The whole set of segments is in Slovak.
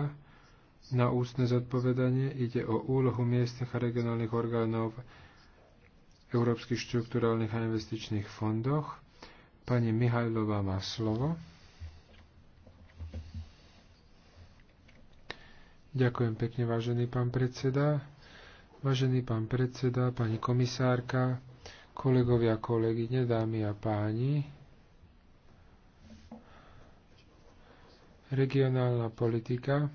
otázka na ústne zodpovedanie. Ide o úlohu miestnych a regionálnych orgánov Európskych štruktúrálnych a investičných fondoch. Pani Mihajlová má slovo. Ďakujem pekne, vážený pán predseda. Vážený pán predseda, pani komisárka, kolegovia, kolegyne, dámy a páni, Regionálna politika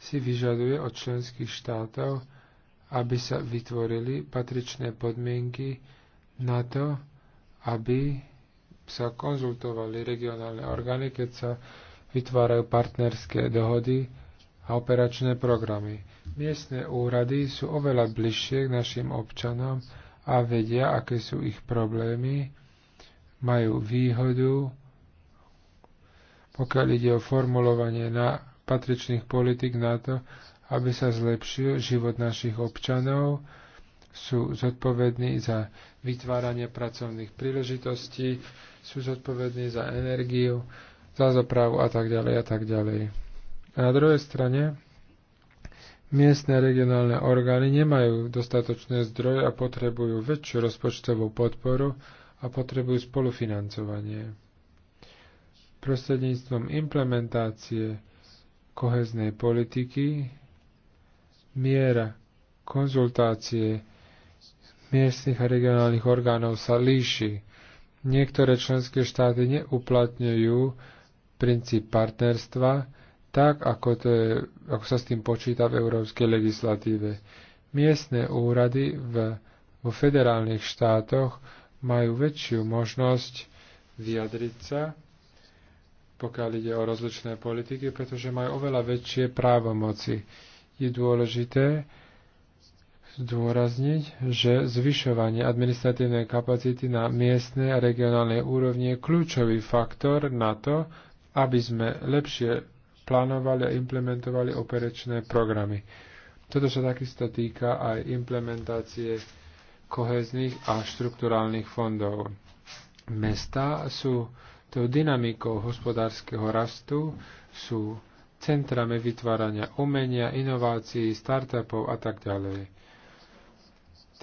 si vyžaduje od členských štátov, aby sa vytvorili patričné podmienky na to, aby sa konzultovali regionálne orgány, keď sa vytvárajú partnerské dohody a operačné programy. Miestne úrady sú oveľa bližšie k našim občanom a vedia, aké sú ich problémy, majú výhodu pokiaľ ide o formulovanie na patričných politik na to, aby sa zlepšil život našich občanov, sú zodpovední za vytváranie pracovných príležitostí, sú zodpovední za energiu, za zopravu a tak ďalej a tak ďalej. A na druhej strane miestne a regionálne orgány nemajú dostatočné zdroje a potrebujú väčšiu rozpočtovú podporu a potrebujú spolufinancovanie prostredníctvom implementácie koheznej politiky, miera konzultácie miestnych a regionálnych orgánov sa líši. Niektoré členské štáty neuplatňujú princíp partnerstva, tak ako, to je, ako sa s tým počíta v európskej legislatíve. Miestne úrady v, vo federálnych štátoch majú väčšiu možnosť vyjadriť sa pokiaľ ide o rozličné politiky, pretože majú oveľa väčšie právomoci. Je dôležité zdôrazniť, že zvyšovanie administratívnej kapacity na miestnej a regionálnej úrovni je kľúčový faktor na to, aby sme lepšie plánovali a implementovali operačné programy. Toto sa takisto týka aj implementácie kohezných a štrukturálnych fondov. Mesta sú tou dynamikou hospodárskeho rastu sú centrami vytvárania umenia, inovácií, startupov a tak ďalej.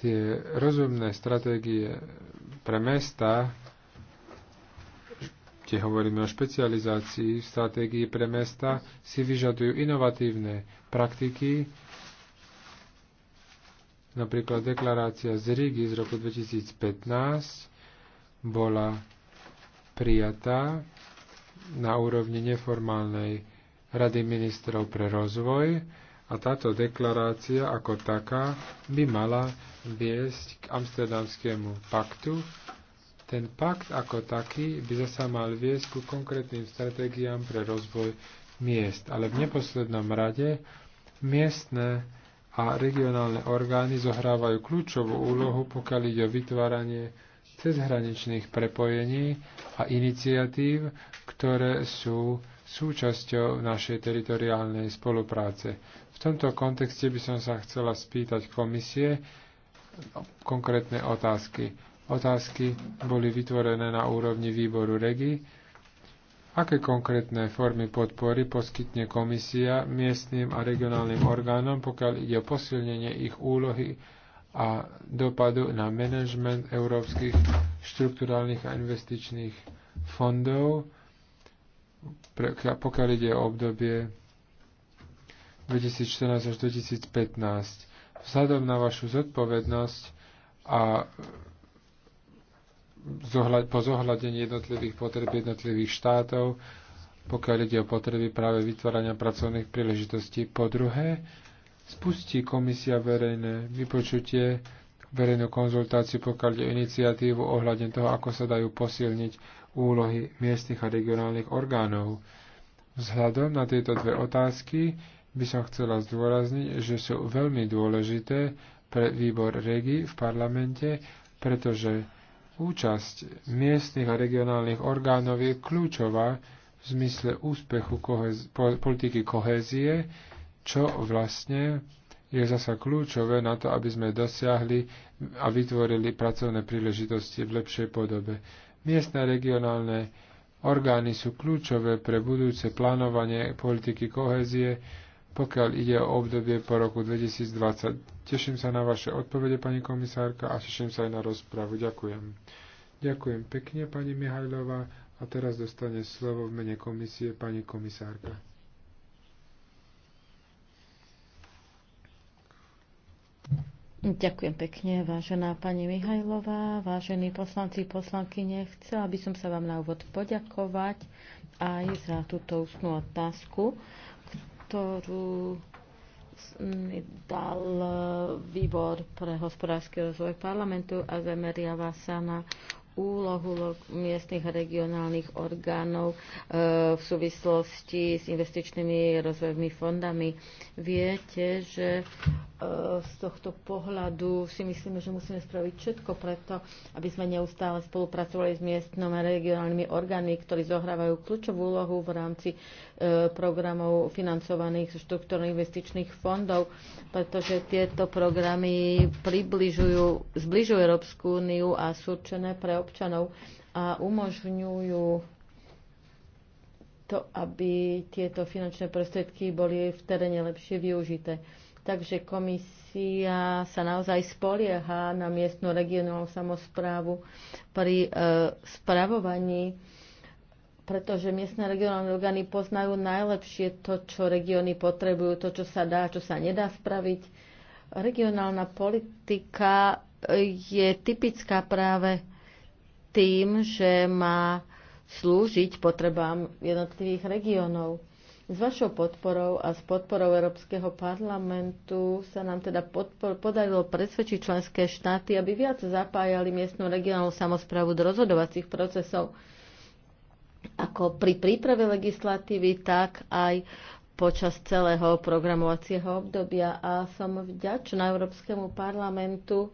Tie rozumné stratégie pre mesta, kde hovoríme o špecializácii v stratégii pre mesta, si vyžadujú inovatívne praktiky, napríklad deklarácia z Rigi z roku 2015 bola prijatá na úrovni neformálnej Rady ministrov pre rozvoj a táto deklarácia ako taká by mala viesť k Amsterdamskému paktu. Ten pakt ako taký by zasa mal viesť ku konkrétnym stratégiám pre rozvoj miest, ale v neposlednom rade miestne a regionálne orgány zohrávajú kľúčovú úlohu, pokiaľ ide o vytváranie cezhraničných prepojení a iniciatív, ktoré sú súčasťou našej teritoriálnej spolupráce. V tomto kontexte by som sa chcela spýtať komisie konkrétne otázky. Otázky boli vytvorené na úrovni výboru REGI. Aké konkrétne formy podpory poskytne komisia miestnym a regionálnym orgánom, pokiaľ ide o posilnenie ich úlohy a dopadu na management európskych štrukturálnych a investičných fondov, pokiaľ ide o obdobie 2014 až 2015. Vzhľadom na vašu zodpovednosť a po zohľadení jednotlivých potreb jednotlivých štátov, pokiaľ ide o potreby práve vytvárania pracovných príležitostí. Po druhé, spustí komisia verejné vypočutie, verejnú konzultáciu, pokiaľ je iniciatívu ohľadne toho, ako sa dajú posilniť úlohy miestnych a regionálnych orgánov. Vzhľadom na tieto dve otázky by som chcela zdôrazniť, že sú veľmi dôležité pre výbor REGI v parlamente, pretože účasť miestnych a regionálnych orgánov je kľúčová v zmysle úspechu kohez- politiky kohézie, čo vlastne je zasa kľúčové na to, aby sme dosiahli a vytvorili pracovné príležitosti v lepšej podobe. Miestne regionálne orgány sú kľúčové pre budúce plánovanie politiky kohézie, pokiaľ ide o obdobie po roku 2020. Teším sa na vaše odpovede, pani komisárka, a teším sa aj na rozpravu. Ďakujem. Ďakujem pekne, pani Mihajlova, A teraz dostane slovo v mene komisie pani komisárka. Ďakujem pekne, vážená pani Mihajlová, vážení poslanci, poslankyne. Chcela by som sa vám na úvod poďakovať aj za túto ústnú otázku, ktorú mi dal výbor pre hospodársky rozvoj parlamentu a zameriava sa na úlohu miestnych a regionálnych orgánov e, v súvislosti s investičnými rozvojovými fondami. Viete, že e, z tohto pohľadu si myslíme, že musíme spraviť všetko preto, aby sme neustále spolupracovali s miestnom a regionálnymi orgánmi, ktorí zohrávajú kľúčovú úlohu v rámci e, programov financovaných zo štruktúrnych investičných fondov, pretože tieto programy približujú, zbližujú Európsku úniu a sú určené pre občanov a umožňujú to, aby tieto finančné prostriedky boli v teréne lepšie využité. Takže komisia sa naozaj spolieha na miestnu regionálnu samozprávu pri e, spravovaní, pretože miestne regionálne orgány poznajú najlepšie to, čo regióny potrebujú, to, čo sa dá, čo sa nedá spraviť. Regionálna politika e, je typická práve tým, že má slúžiť potrebám jednotlivých regiónov. S vašou podporou a s podporou Európskeho parlamentu sa nám teda podpor, podarilo presvedčiť členské štáty, aby viac zapájali miestnu regionálnu samozprávu do rozhodovacích procesov ako pri príprave legislatívy, tak aj počas celého programovacieho obdobia. A som vďačná Európskemu parlamentu,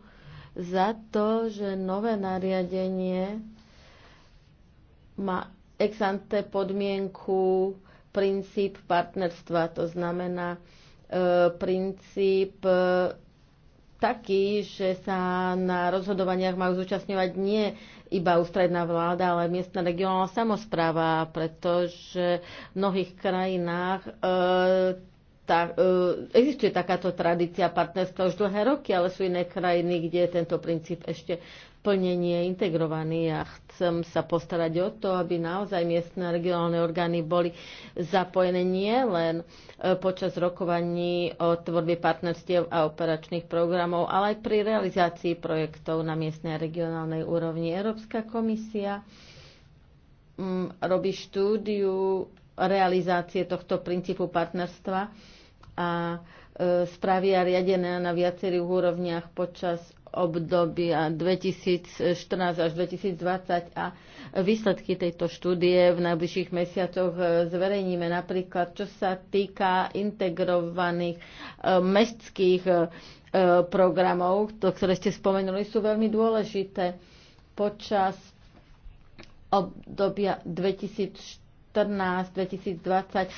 za to, že nové nariadenie má ex ante podmienku princíp partnerstva. To znamená e, princíp e, taký, že sa na rozhodovaniach majú zúčastňovať nie iba ústredná vláda, ale miestna regionálna samozpráva, pretože v mnohých krajinách e, tá, e, existuje takáto tradícia partnerstva už dlhé roky, ale sú iné krajiny, kde je tento princíp ešte plne nie integrovaný a chcem sa postarať o to, aby naozaj miestne a regionálne orgány boli zapojené nie len e, počas rokovaní o tvorbe partnerstiev a operačných programov, ale aj pri realizácii projektov na miestnej a regionálnej úrovni. Európska komisia mm, robí štúdiu realizácie tohto princípu partnerstva a e, spravia riadené na viacerých úrovniach počas obdobia 2014 až 2020 a výsledky tejto štúdie v najbližších mesiacoch e, zverejníme napríklad, čo sa týka integrovaných e, mestských programov, to, ktoré ste spomenuli, sú veľmi dôležité. Počas obdobia 2014 2014-2020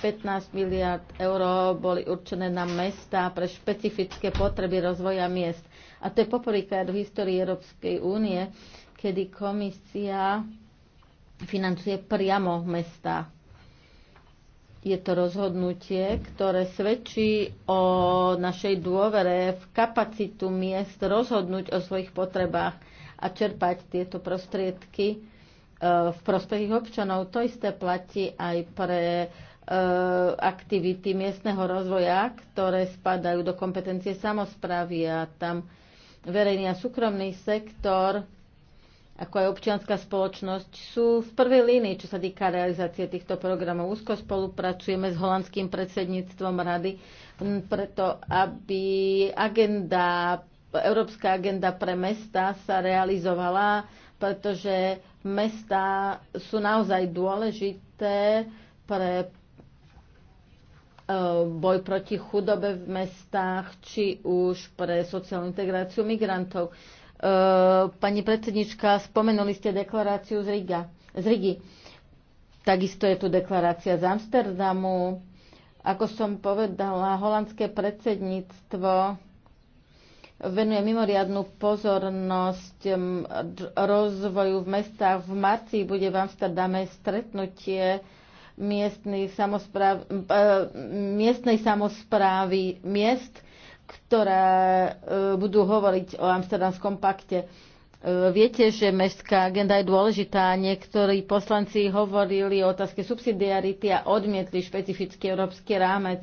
15 miliard eur boli určené na mesta pre špecifické potreby rozvoja miest. A to je poprvýkrát v histórii Európskej únie, kedy komisia financuje priamo mesta. Je to rozhodnutie, ktoré svedčí o našej dôvere v kapacitu miest rozhodnúť o svojich potrebách a čerpať tieto prostriedky E, v prospech ich občanov. To isté platí aj pre e, aktivity miestneho rozvoja, ktoré spadajú do kompetencie samozprávy a tam verejný a súkromný sektor, ako aj občianská spoločnosť, sú v prvej línii, čo sa týka realizácie týchto programov. Úzko spolupracujeme s holandským predsedníctvom rady, preto aby agenda, európska agenda pre mesta sa realizovala pretože mesta sú naozaj dôležité pre e, boj proti chudobe v mestách, či už pre sociálnu integráciu migrantov. E, pani predsednička, spomenuli ste deklaráciu z, Riga, z Rigi. Takisto je tu deklarácia z Amsterdamu. Ako som povedala, holandské predsedníctvo venuje mimoriadnú pozornosť rozvoju v mestách. V marci bude v Amsterdame stretnutie e, miestnej samozprávy miest, ktoré e, budú hovoriť o Amsterdamskom pakte. E, viete, že mestská agenda je dôležitá. Niektorí poslanci hovorili o otázke subsidiarity a odmietli špecifický európsky rámec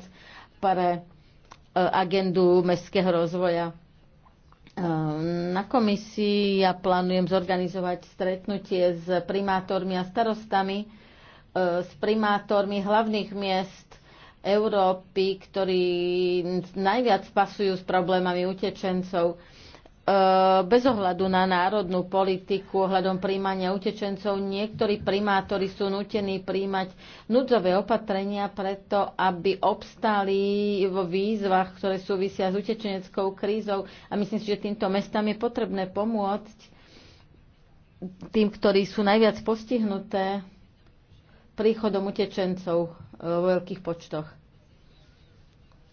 pre agendu mestského rozvoja. Ehm, na komisii ja plánujem zorganizovať stretnutie s primátormi a starostami, e, s primátormi hlavných miest Európy, ktorí najviac pasujú s problémami utečencov. E, bez ohľadu na národnú politiku ohľadom príjmania utečencov niektorí primátori sú nutení príjmať núdzové opatrenia preto, aby obstali vo výzvach, ktoré súvisia s utečeneckou krízou. A myslím si, že týmto mestám je potrebné pomôcť tým, ktorí sú najviac postihnuté príchodom utečencov vo veľkých počtoch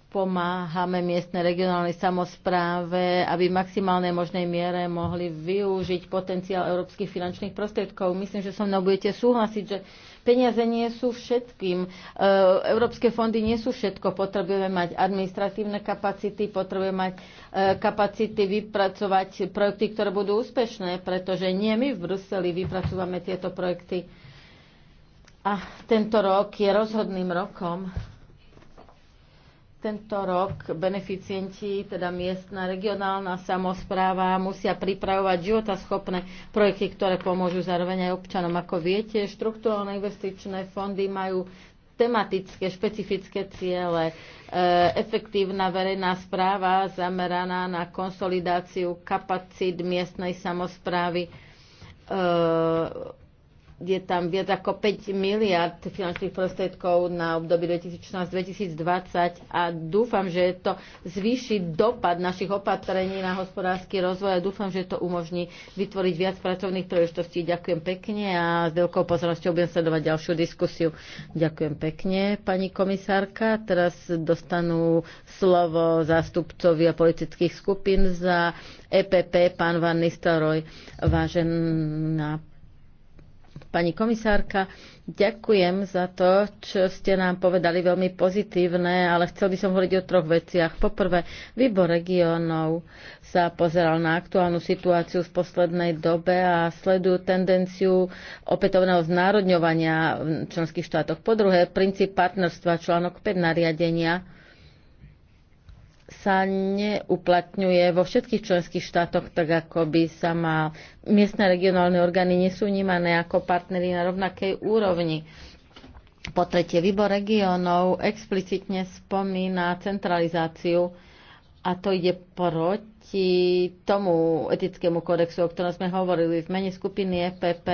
pomáhame miestnej regionálnej samozpráve, aby v maximálnej možnej miere mohli využiť potenciál európskych finančných prostriedkov. Myslím, že so mnou budete súhlasiť, že peniaze nie sú všetkým. E, európske fondy nie sú všetko. Potrebujeme mať administratívne kapacity, potrebujeme mať e, kapacity vypracovať projekty, ktoré budú úspešné, pretože nie my v Bruseli vypracúvame tieto projekty. A tento rok je rozhodným rokom tento rok beneficienti, teda miestna regionálna samozpráva, musia pripravovať životaschopné projekty, ktoré pomôžu zároveň aj občanom. Ako viete, štruktúrne investičné fondy majú tematické, špecifické ciele, e, efektívna verejná správa zameraná na konsolidáciu kapacít miestnej samozprávy, e, je tam viac ako 5 miliard finančných prostriedkov na období 2016-2020 a dúfam, že to zvýši dopad našich opatrení na hospodársky rozvoj a dúfam, že to umožní vytvoriť viac pracovných príležitostí. Ďakujem pekne a s veľkou pozornosťou budem sledovať ďalšiu diskusiu. Ďakujem pekne, pani komisárka. Teraz dostanú slovo zástupcovia politických skupín za EPP, pán Van Nistelrooy. Vážená Pani komisárka, ďakujem za to, čo ste nám povedali veľmi pozitívne, ale chcel by som hovoriť o troch veciach. Poprvé, výbor regionov sa pozeral na aktuálnu situáciu z poslednej dobe a sledujú tendenciu opätovného znárodňovania v členských štátoch. Po druhé, princíp partnerstva, článok 5 nariadenia sa neuplatňuje vo všetkých členských štátoch tak, ako by sa mal. Miestne regionálne orgány nie sú vnímané ako partnery na rovnakej úrovni. Po tretie, výbor regionov explicitne spomína centralizáciu a to ide proti tomu etickému kodexu, o ktorom sme hovorili v mene skupiny EPP.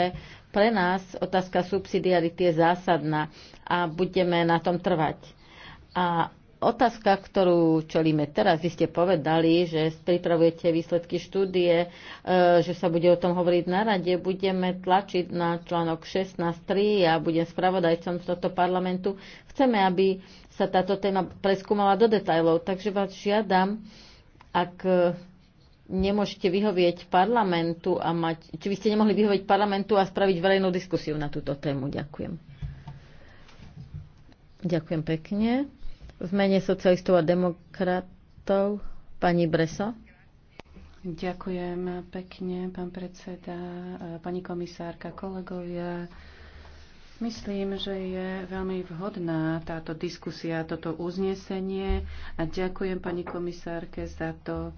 Pre nás otázka subsidiarity je zásadná a budeme na tom trvať. A otázka, ktorú čelíme teraz, vy ste povedali, že pripravujete výsledky štúdie, e, že sa bude o tom hovoriť na rade. Budeme tlačiť na článok 16.3 a budem spravodajcom z tohto parlamentu. Chceme, aby sa táto téma preskúmala do detajlov, takže vás žiadam, ak e, nemôžete vyhovieť parlamentu a mať, či by ste nemohli vyhovieť parlamentu a spraviť verejnú diskusiu na túto tému. Ďakujem. Ďakujem pekne. V mene socialistov a demokratov pani Breso. Ďakujem pekne, pán predseda, pani komisárka, kolegovia. Myslím, že je veľmi vhodná táto diskusia, toto uznesenie a ďakujem pani komisárke za to,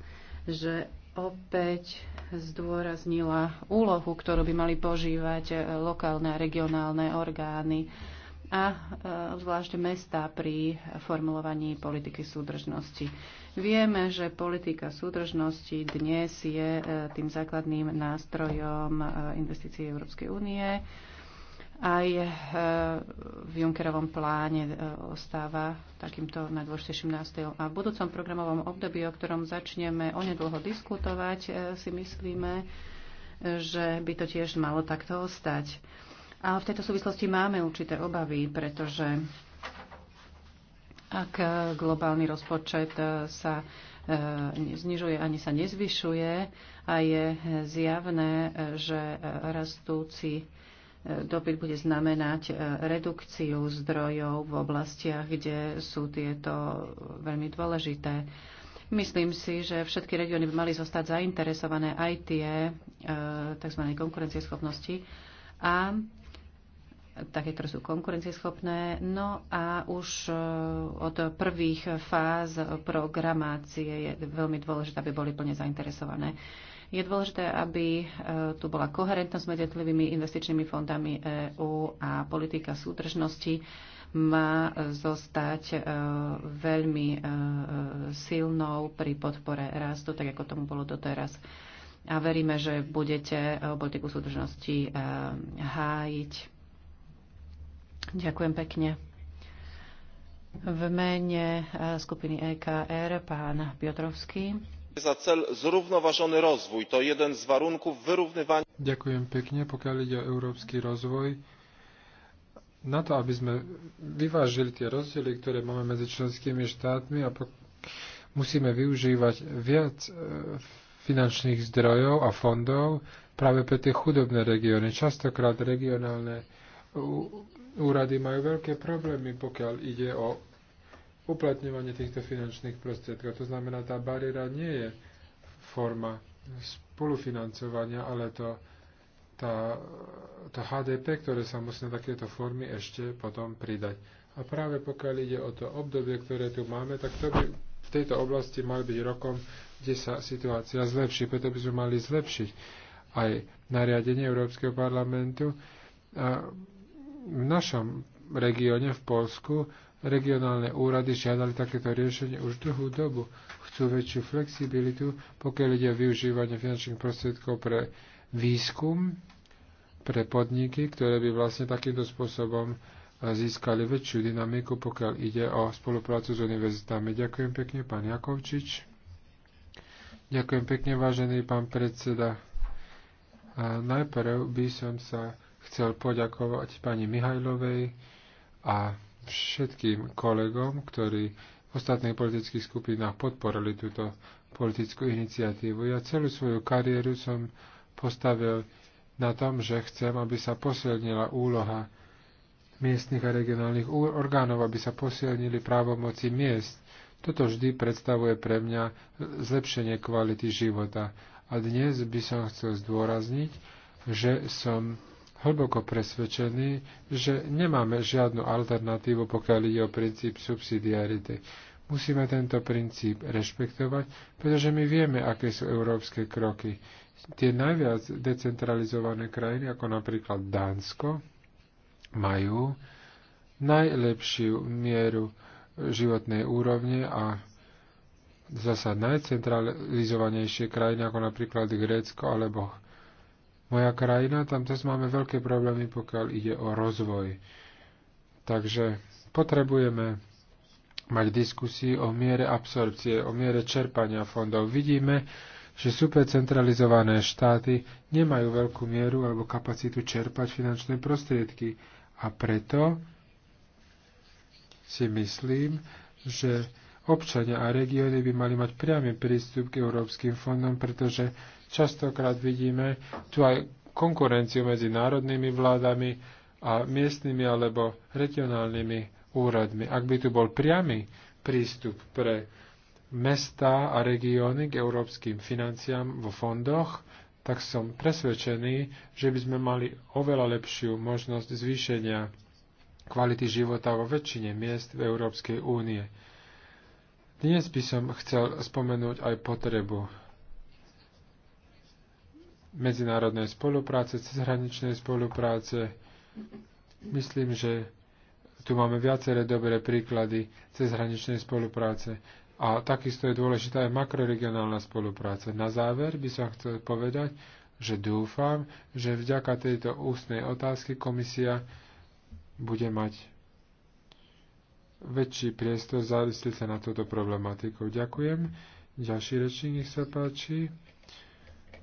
že opäť zdôraznila úlohu, ktorú by mali požívať lokálne a regionálne orgány a e, zvlášť mesta pri formulovaní politiky súdržnosti. Vieme, že politika súdržnosti dnes je e, tým základným nástrojom e, investícií Európskej únie. Aj v Junckerovom pláne ostáva takýmto najdôležitejším nástrojom. A v budúcom programovom období, o ktorom začneme onedlho diskutovať, si myslíme, že by to tiež malo takto ostať. A v tejto súvislosti máme určité obavy, pretože ak globálny rozpočet sa e, znižuje ani sa nezvyšuje a je zjavné, že rastúci e, dopyt bude znamenať e, redukciu zdrojov v oblastiach, kde sú tieto veľmi dôležité. Myslím si, že všetky regióny by mali zostať zainteresované aj tie tzv. konkurencieschopnosti a také, ktoré sú konkurencieschopné. No a už e, od prvých fáz programácie je veľmi dôležité, aby boli plne zainteresované. Je dôležité, aby e, tu bola koherentnosť medzi jednotlivými investičnými fondami EÚ a politika súdržnosti má e, zostať veľmi silnou pri podpore rastu, tak ako tomu bolo doteraz. A veríme, že budete politiku súdržnosti hájiť Ďakujem pekne. V mene e, skupiny EKR pán Piotrovský. Za cel zrównoważony rozwój to jeden z warunków wyrównywania. Ďakujem pekne, pokiaľ ide o európsky rozvoj. Na to, aby sme vyvážili tie rozdiely, ktoré máme medzi členskými štátmi a musíme využívať viac e, finančných zdrojov a fondov práve pre tie chudobné regióny. Častokrát regionálne úrady majú veľké problémy, pokiaľ ide o uplatňovanie týchto finančných prostriedkov. To znamená, tá bariéra nie je forma spolufinancovania, ale to, tá, to HDP, ktoré sa musí na takéto formy ešte potom pridať. A práve pokiaľ ide o to obdobie, ktoré tu máme, tak to by v tejto oblasti mal byť rokom, kde sa situácia zlepší. Preto by sme mali zlepšiť aj nariadenie Európskeho parlamentu. A v našom regióne v Polsku regionálne úrady žiadali takéto riešenie už dlhú dobu. Chcú väčšiu flexibilitu, pokiaľ ide o využívanie finančných prostriedkov pre výskum, pre podniky, ktoré by vlastne takýmto spôsobom eh, získali väčšiu dynamiku, pokiaľ ide o spoluprácu s univerzitami. Ďakujem pekne, pán Jakovčič. Ďakujem pekne, vážený pán predseda. A eh, najprv by som sa chcel poďakovať pani Mihajlovej a všetkým kolegom, ktorí v ostatných politických skupinách podporili túto politickú iniciatívu. Ja celú svoju kariéru som postavil na tom, že chcem, aby sa posilnila úloha miestnych a regionálnych orgánov, aby sa posilnili právomoci miest. Toto vždy predstavuje pre mňa zlepšenie kvality života. A dnes by som chcel zdôrazniť, že som hlboko presvedčení, že nemáme žiadnu alternatívu, pokiaľ ide o princíp subsidiarity. Musíme tento princíp rešpektovať, pretože my vieme, aké sú európske kroky. Tie najviac decentralizované krajiny, ako napríklad Dánsko, majú najlepšiu mieru životnej úrovne a zasa najcentralizovanejšie krajiny, ako napríklad Grécko alebo moja krajina, tam teraz máme veľké problémy, pokiaľ ide o rozvoj. Takže potrebujeme mať diskusii o miere absorpcie, o miere čerpania fondov. Vidíme, že supercentralizované štáty nemajú veľkú mieru alebo kapacitu čerpať finančné prostriedky. A preto si myslím, že občania a regióny by mali mať priamy prístup k európskym fondom, pretože Častokrát vidíme tu aj konkurenciu medzi národnými vládami a miestnymi alebo regionálnymi úradmi. Ak by tu bol priamy prístup pre mesta a regióny k európskym financiám vo fondoch, tak som presvedčený, že by sme mali oveľa lepšiu možnosť zvýšenia kvality života vo väčšine miest v Európskej únie. Dnes by som chcel spomenúť aj potrebu medzinárodnej spolupráce, cezhraničnej spolupráce. Myslím, že tu máme viaceré dobré príklady cezhraničnej spolupráce. A takisto je dôležitá aj makroregionálna spolupráca. Na záver by som chcel povedať, že dúfam, že vďaka tejto ústnej otázky komisia bude mať väčší priestor závisliť sa na túto problematiku. Ďakujem. Ďalší rečník, nech sa páči.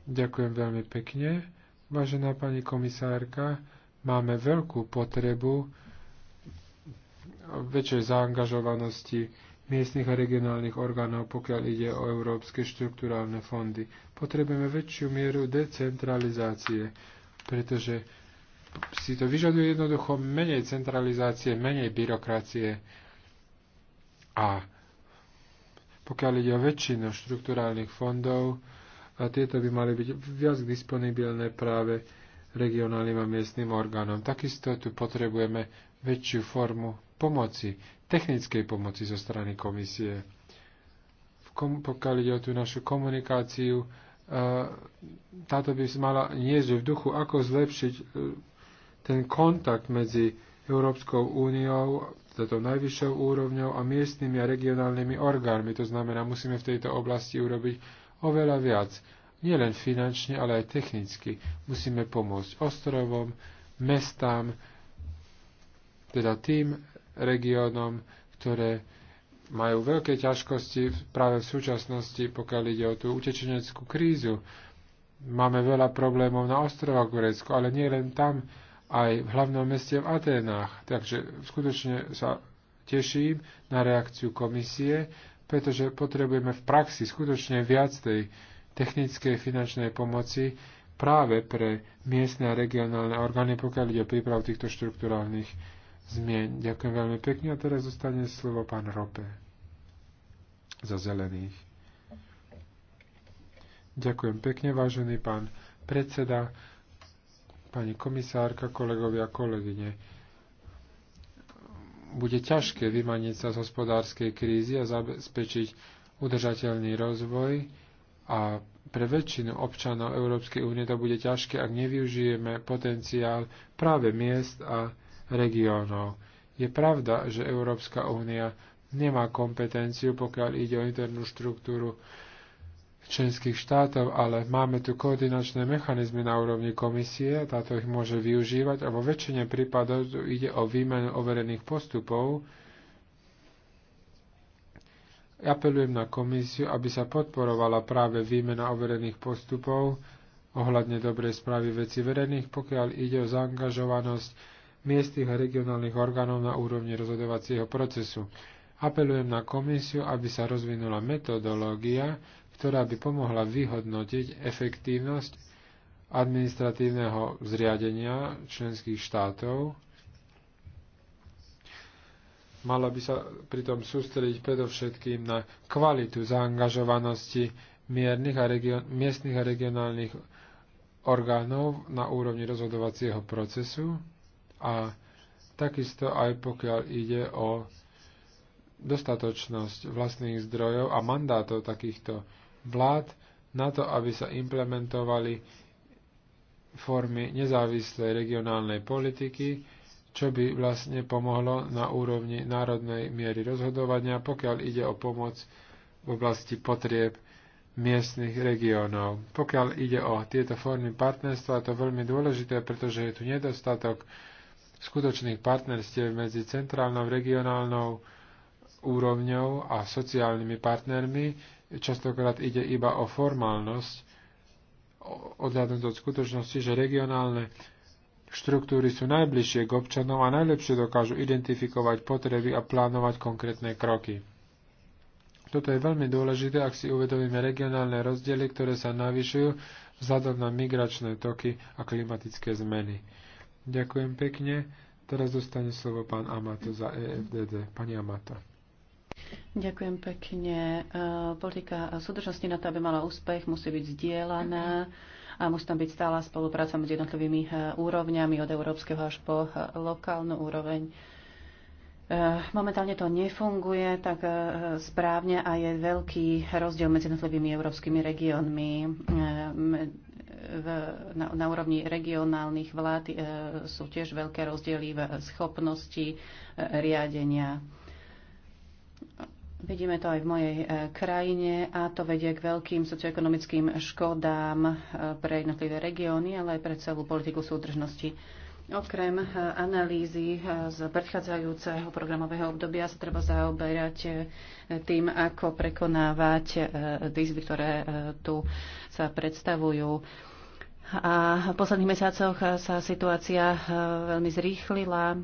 Ďakujem veľmi pekne. Vážená pani komisárka, máme veľkú potrebu väčšej zaangažovanosti miestnych a regionálnych orgánov, pokiaľ ide o európske štruktúrálne fondy. Potrebujeme väčšiu mieru decentralizácie, pretože si to vyžaduje jednoducho menej centralizácie, menej byrokracie. A pokiaľ ide o väčšinu štruktúrálnych fondov, a tieto by mali byť viac disponibilné práve regionálnym a miestnym orgánom. Takisto tu potrebujeme väčšiu formu pomoci, technickej pomoci zo strany komisie. Kom, pokiaľ ide o tú našu komunikáciu, e, táto by mala niesť v duchu, ako zlepšiť e, ten kontakt medzi Európskou úniou, teda toto najvyššou úrovňou a miestnymi a regionálnymi orgánmi. To znamená, musíme v tejto oblasti urobiť oveľa viac, nielen finančne, ale aj technicky. Musíme pomôcť ostrovom, mestám, teda tým regiónom, ktoré majú veľké ťažkosti práve v súčasnosti, pokiaľ ide o tú utečeneckú krízu. Máme veľa problémov na ostrovách Grécku, ale nie len tam, aj v hlavnom meste v Aténách. Takže skutočne sa teším na reakciu komisie pretože potrebujeme v praxi skutočne viac tej technickej finančnej pomoci práve pre miestne a regionálne orgány, pokiaľ ide o prípravu týchto štruktúrálnych zmien. Ďakujem veľmi pekne a teraz zostane slovo pán Rope za zelených. Ďakujem pekne, vážený pán predseda, pani komisárka, kolegovia, kolegyne bude ťažké vymaniť sa z hospodárskej krízy a zabezpečiť udržateľný rozvoj a pre väčšinu občanov Európskej únie to bude ťažké, ak nevyužijeme potenciál práve miest a regiónov. Je pravda, že Európska únia nemá kompetenciu, pokiaľ ide o internú štruktúru členských štátov, ale máme tu koordinačné mechanizmy na úrovni komisie, táto ich môže využívať a vo väčšine prípadov ide o výmenu overených postupov. Apelujem na komisiu, aby sa podporovala práve výmena overených postupov ohľadne dobrej správy veci verejných, pokiaľ ide o zaangažovanosť miestnych a regionálnych orgánov na úrovni rozhodovacieho procesu. Apelujem na komisiu, aby sa rozvinula metodológia, ktorá by pomohla vyhodnotiť efektívnosť administratívneho zriadenia členských štátov. Mala by sa pritom sústrediť predovšetkým na kvalitu zaangažovanosti miernych a region, miestnych a regionálnych orgánov na úrovni rozhodovacieho procesu a takisto aj pokiaľ ide o dostatočnosť vlastných zdrojov a mandátov takýchto vlád na to, aby sa implementovali formy nezávislej regionálnej politiky, čo by vlastne pomohlo na úrovni národnej miery rozhodovania, pokiaľ ide o pomoc v oblasti potrieb miestnych regiónov. Pokiaľ ide o tieto formy partnerstva, je to veľmi dôležité, pretože je tu nedostatok skutočných partnerstiev medzi centrálnou, regionálnou úrovňou a sociálnymi partnermi, častokrát ide iba o formálnosť, odhľadnúť od skutočnosti, že regionálne štruktúry sú najbližšie k občanom a najlepšie dokážu identifikovať potreby a plánovať konkrétne kroky. Toto je veľmi dôležité, ak si uvedomíme regionálne rozdiely, ktoré sa navyšujú vzhľadom na migračné toky a klimatické zmeny. Ďakujem pekne. Teraz dostane slovo pán Amato za EFDD. Pani Amato. Ďakujem pekne. E, politika súdržnosti na to, aby mala úspech, musí byť zdieľaná mhm. a musí tam byť stála spolupráca medzi jednotlivými e, úrovňami od európskeho až po e, lokálnu úroveň. Momentálne to nefunguje tak správne a je veľký rozdiel medzi jednotlivými európskymi regiónmi. Na, na úrovni regionálnych vlád sú tiež veľké rozdiely v schopnosti riadenia Vidíme to aj v mojej e, krajine a to vedie k veľkým socioekonomickým škodám e, pre jednotlivé regióny, ale aj pre celú politiku súdržnosti. Okrem e, analýzy z predchádzajúceho programového obdobia sa treba zaoberať tým, ako prekonávať výzvy, ktoré tu sa predstavujú. A v posledných mesiacoch sa situácia veľmi zrýchlila.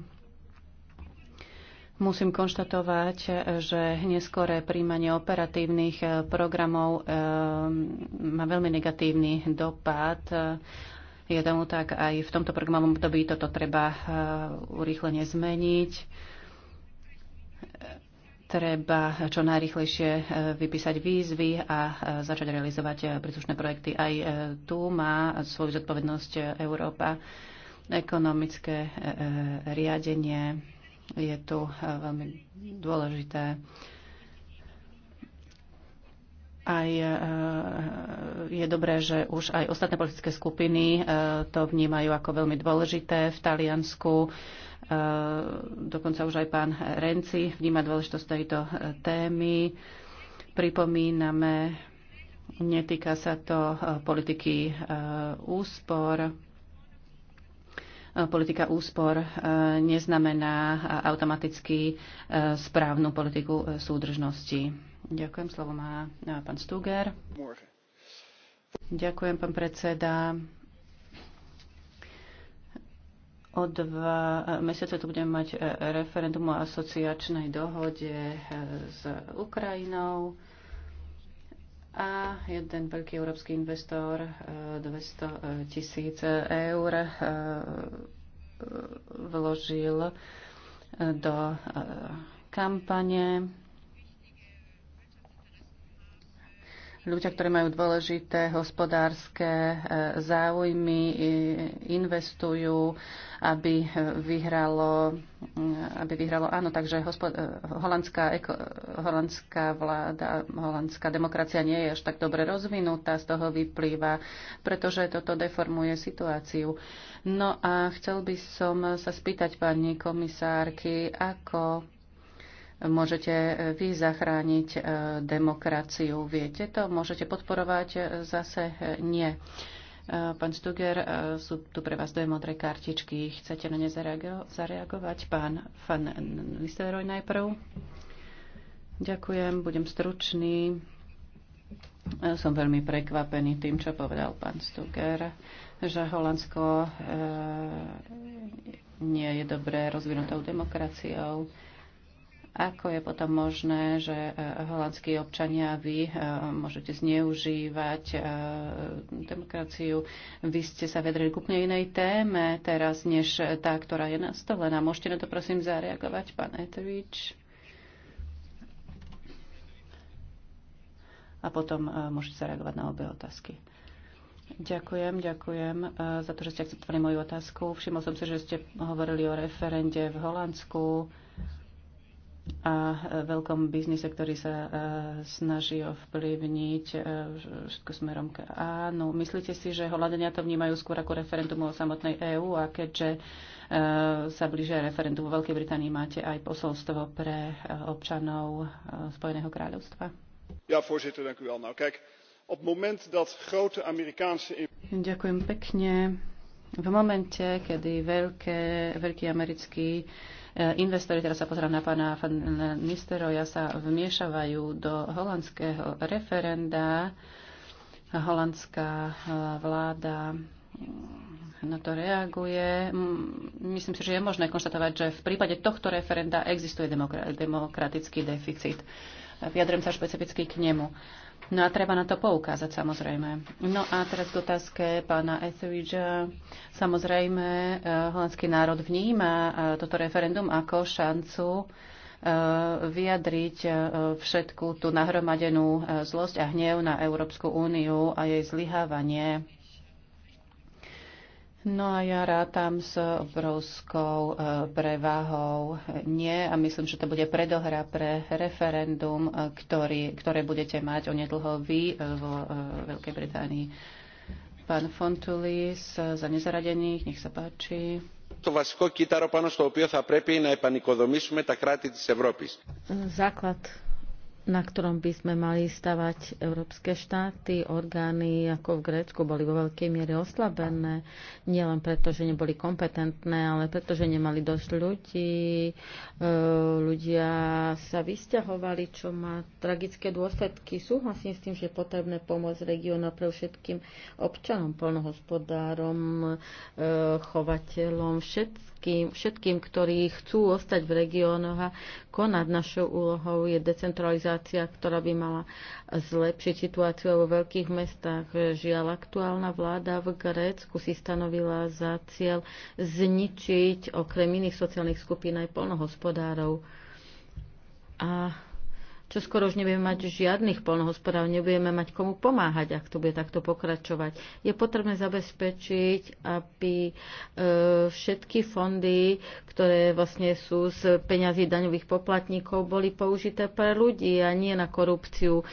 Musím konštatovať, že neskoré príjmanie operatívnych programov eh, má veľmi negatívny dopad. Je tomu tak aj v tomto programovom období toto treba eh, urýchlene zmeniť. Treba čo najrychlejšie eh, vypísať výzvy a začať realizovať príslušné projekty. Aj tu má svoju zodpovednosť Európa, ekonomické riadenie je tu eh, veľmi dôležité aj eh, eh, je dobré, že už aj ostatné politické skupiny to vnímajú ako veľmi dôležité v Taliansku. Dokonca už aj pán Renci vníma dôležitosť tejto témy. Pripomíname, netýka sa to politiky úspor, politika úspor e, neznamená automaticky e, správnu politiku e, súdržnosti. Ďakujem. Slovo má pán Stuger. Ďakujem, pán predseda. O dva mesiace tu budeme mať referendum o asociačnej dohode s Ukrajinou a jeden veľký európsky investor 200 eh, eh, tisíc eur eh, vložil do kampane ľudia, ktorí majú dôležité hospodárske e, záujmy, investujú, aby vyhralo, e, aby vyhralo áno, takže hospod- e, holandská, eko, holandská vláda, holandská demokracia nie je až tak dobre rozvinutá, z toho vyplýva, pretože toto deformuje situáciu. No a chcel by som sa spýtať pani komisárky, ako môžete e, vy zachrániť e, demokraciu. Viete to? Môžete podporovať? E, zase nie. Pán Stuger, sú tu pre vás dve modré kartičky. Chcete na ne zareagovať? Pán Fan Listeroj najprv. Ďakujem, budem stručný. Som veľmi prekvapený tým, čo povedal pán Stuger, že Holandsko nie je dobre rozvinutou demokraciou ako je potom možné, že e, holandskí občania vy e, môžete zneužívať e, demokraciu? Vy ste sa vedreli k úplne inej téme teraz, než tá, ktorá je nastolená. Môžete na to prosím zareagovať, pán Eterič? A potom môžete zareagovať na obe otázky. Ďakujem, ďakujem za to, že ste akceptovali moju otázku. Všimol som si, že ste hovorili o referende v Holandsku a e, veľkom biznise, ktorý sa e, snaží ovplyvniť e, všetko smerom k áno. Myslíte si, že Holandania to vnímajú skôr ako referendum o samotnej EÚ a keďže sa blížia referendum vo Veľkej Británii, máte aj posolstvo pre občanov Spojeného kráľovstva? Ja, voorzitter, dank u wel. Nou, kijk, op moment dat grote Amerikaanse... Ďakujem pekne. V momente, kedy veľké, veľkí americkí uh, Eh, investori, teraz sa pozerám na pána Nisteroja, sa vmiešavajú do holandského referenda. Holandská eh, vláda mm, na to reaguje. Mm, myslím si, že je možné konštatovať, že v prípade tohto referenda existuje demokratický deficit. Eh, Vyjadrem sa špecificky k nemu. No a treba na to poukázať samozrejme. No a teraz k otázke pána Etheridgea. Samozrejme, e, holandský národ vníma e, toto referendum ako šancu e, vyjadriť všetku tú nahromadenú zlosť a hnev na Európsku úniu a jej zlyhávanie No a ja rátam s obrovskou e, prevahou e, nie a myslím, že to bude predohra pre referendum, e, ktorý, ktoré budete mať onedlho vy vo Veľkej Británii. Pán Fontulis za nezaradených, nech sa páči. To βασικό κύτταρο πάνω στο οποίο θα πρέπει να επανοικοδομήσουμε tá kráty z Európy. Základ na ktorom by sme mali stavať európske štáty. Orgány ako v Grécku boli vo veľkej miere oslabené, nielen preto, že neboli kompetentné, ale preto, že nemali dosť ľudí. E, ľudia sa vysťahovali, čo má tragické dôsledky. Súhlasím s tým, že je potrebné pomôcť regióna pre všetkým občanom, plnohospodárom, e, chovateľom, všetkým všetkým, všetkým, ktorí chcú ostať v regiónoch a konať našou úlohou je decentralizácia, ktorá by mala zlepšiť situáciu vo veľkých mestách. Žiaľ, aktuálna vláda v Grécku si stanovila za cieľ zničiť okrem iných sociálnych skupín aj polnohospodárov. A čo skoro už nebudeme mať žiadnych polnohospodárov, nebudeme mať komu pomáhať, ak to bude takto pokračovať. Je potrebné zabezpečiť, aby e, všetky fondy, ktoré vlastne sú z peňazí daňových poplatníkov, boli použité pre ľudí a nie na korupciu. E,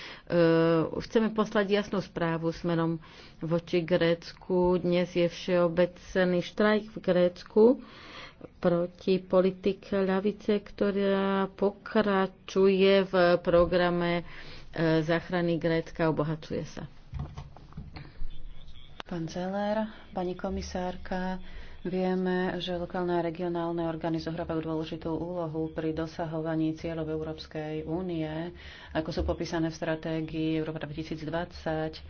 chceme poslať jasnú správu smerom voči Grécku. Dnes je všeobecný štrajk v Grécku proti politike ľavice, ktorá pokračuje v programe e, záchrany Grécka a obohacuje sa. Pán Zeller, pani komisárka, vieme, že lokálne a regionálne orgány zohrávajú dôležitú úlohu pri dosahovaní cieľov Európskej únie, ako sú popísané v stratégii Európa 2020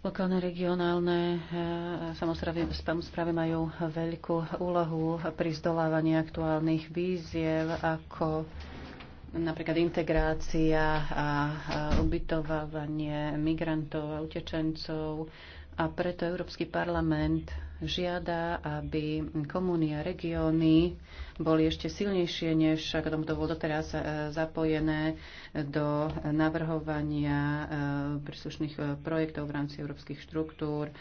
Lokálne, regionálne eh, samozprávy majú veľkú úlohu pri zdolávaní aktuálnych víziev, ako napríklad integrácia a ubytovávanie migrantov a utečencov. A preto Európsky parlament žiada, aby komúny a regióny boli ešte silnejšie, než ak tomu to bolo doteraz e, zapojené do navrhovania e, príslušných e, projektov v rámci európskych štruktúr.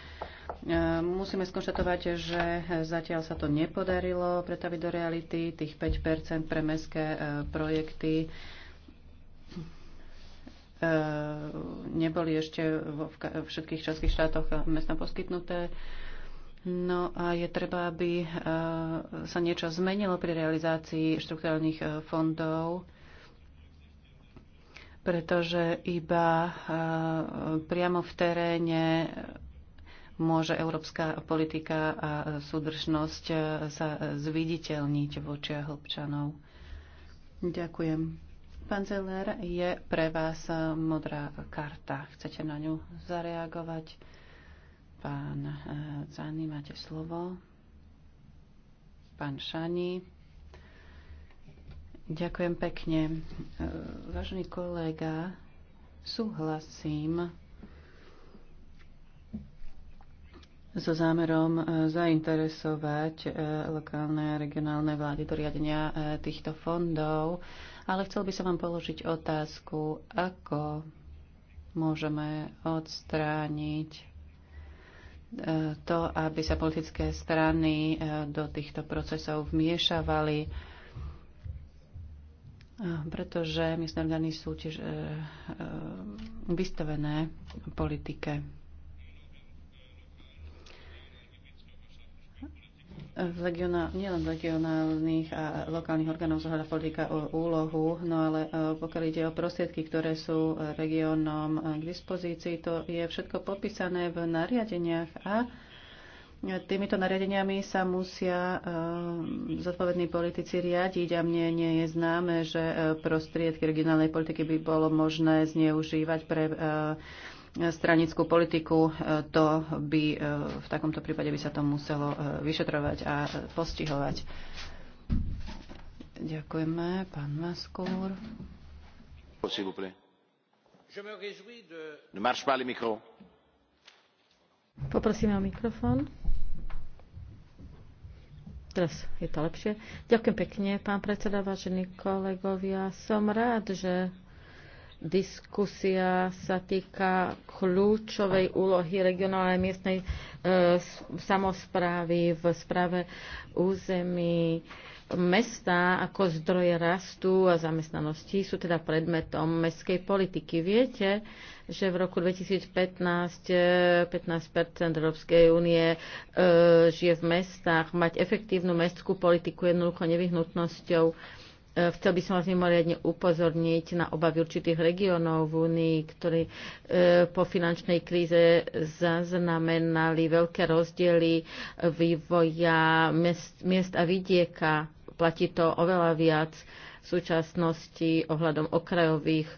Musíme skonštatovať, že zatiaľ sa to nepodarilo pretaviť do reality. Tých 5 pre mestské projekty neboli ešte vo všetkých členských štátoch mestom poskytnuté. No a je treba, aby e, sa niečo zmenilo pri realizácii štruktúrnych e, fondov pretože iba e, priamo v teréne môže európska politika a súdržnosť sa zviditeľniť v očiach občanov. Ďakujem. Pán Zeller, je pre vás modrá karta. Chcete na ňu zareagovať? Pán eh, Zany, máte slovo. Pán Šani. Ďakujem pekne. Eh, vážený kolega, súhlasím so zámerom eh, zainteresovať lokálne a regionálne vlády do riadenia týchto fondov, ale chcel by som vám položiť otázku, ako môžeme odstrániť to, aby sa politické strany e, do týchto procesov vmiešavali, e, pretože miestne orgány sú tiež e, vystavené politike. regionál, nielen regionálnych a lokálnych orgánov zohľada politika o úlohu, no ale e, pokiaľ ide o prostriedky, ktoré sú regiónom k dispozícii, to je všetko popísané v nariadeniach a Týmito nariadeniami sa musia e, zodpovední politici riadiť a mne nie je známe, že e, prostriedky regionálnej politiky by bolo možné zneužívať pre stranickú politiku, e, to by e, v takomto prípade by sa to muselo e, vyšetrovať a postihovať. Ďakujeme, pán Maskúr. Poprosím o mikrofón. Teraz je to lepšie. Ďakujem pekne, pán predseda, vážení kolegovia. Som rád, že Diskusia sa týka kľúčovej úlohy regionálnej miestnej e, samozprávy v správe území mesta ako zdroje rastu a zamestnanosti sú teda predmetom mestskej politiky. Viete, že v roku 2015 15 e, Európskej únie e, žije v mestách. Mať efektívnu mestskú politiku je jednoducho nevyhnutnosťou E, chcel by som vás mimoriadne upozorniť na obavy určitých regiónov v Únii, ktorí e, po finančnej kríze zaznamenali veľké rozdiely vývoja miest a vidieka. Platí to oveľa viac v súčasnosti ohľadom okrajových e,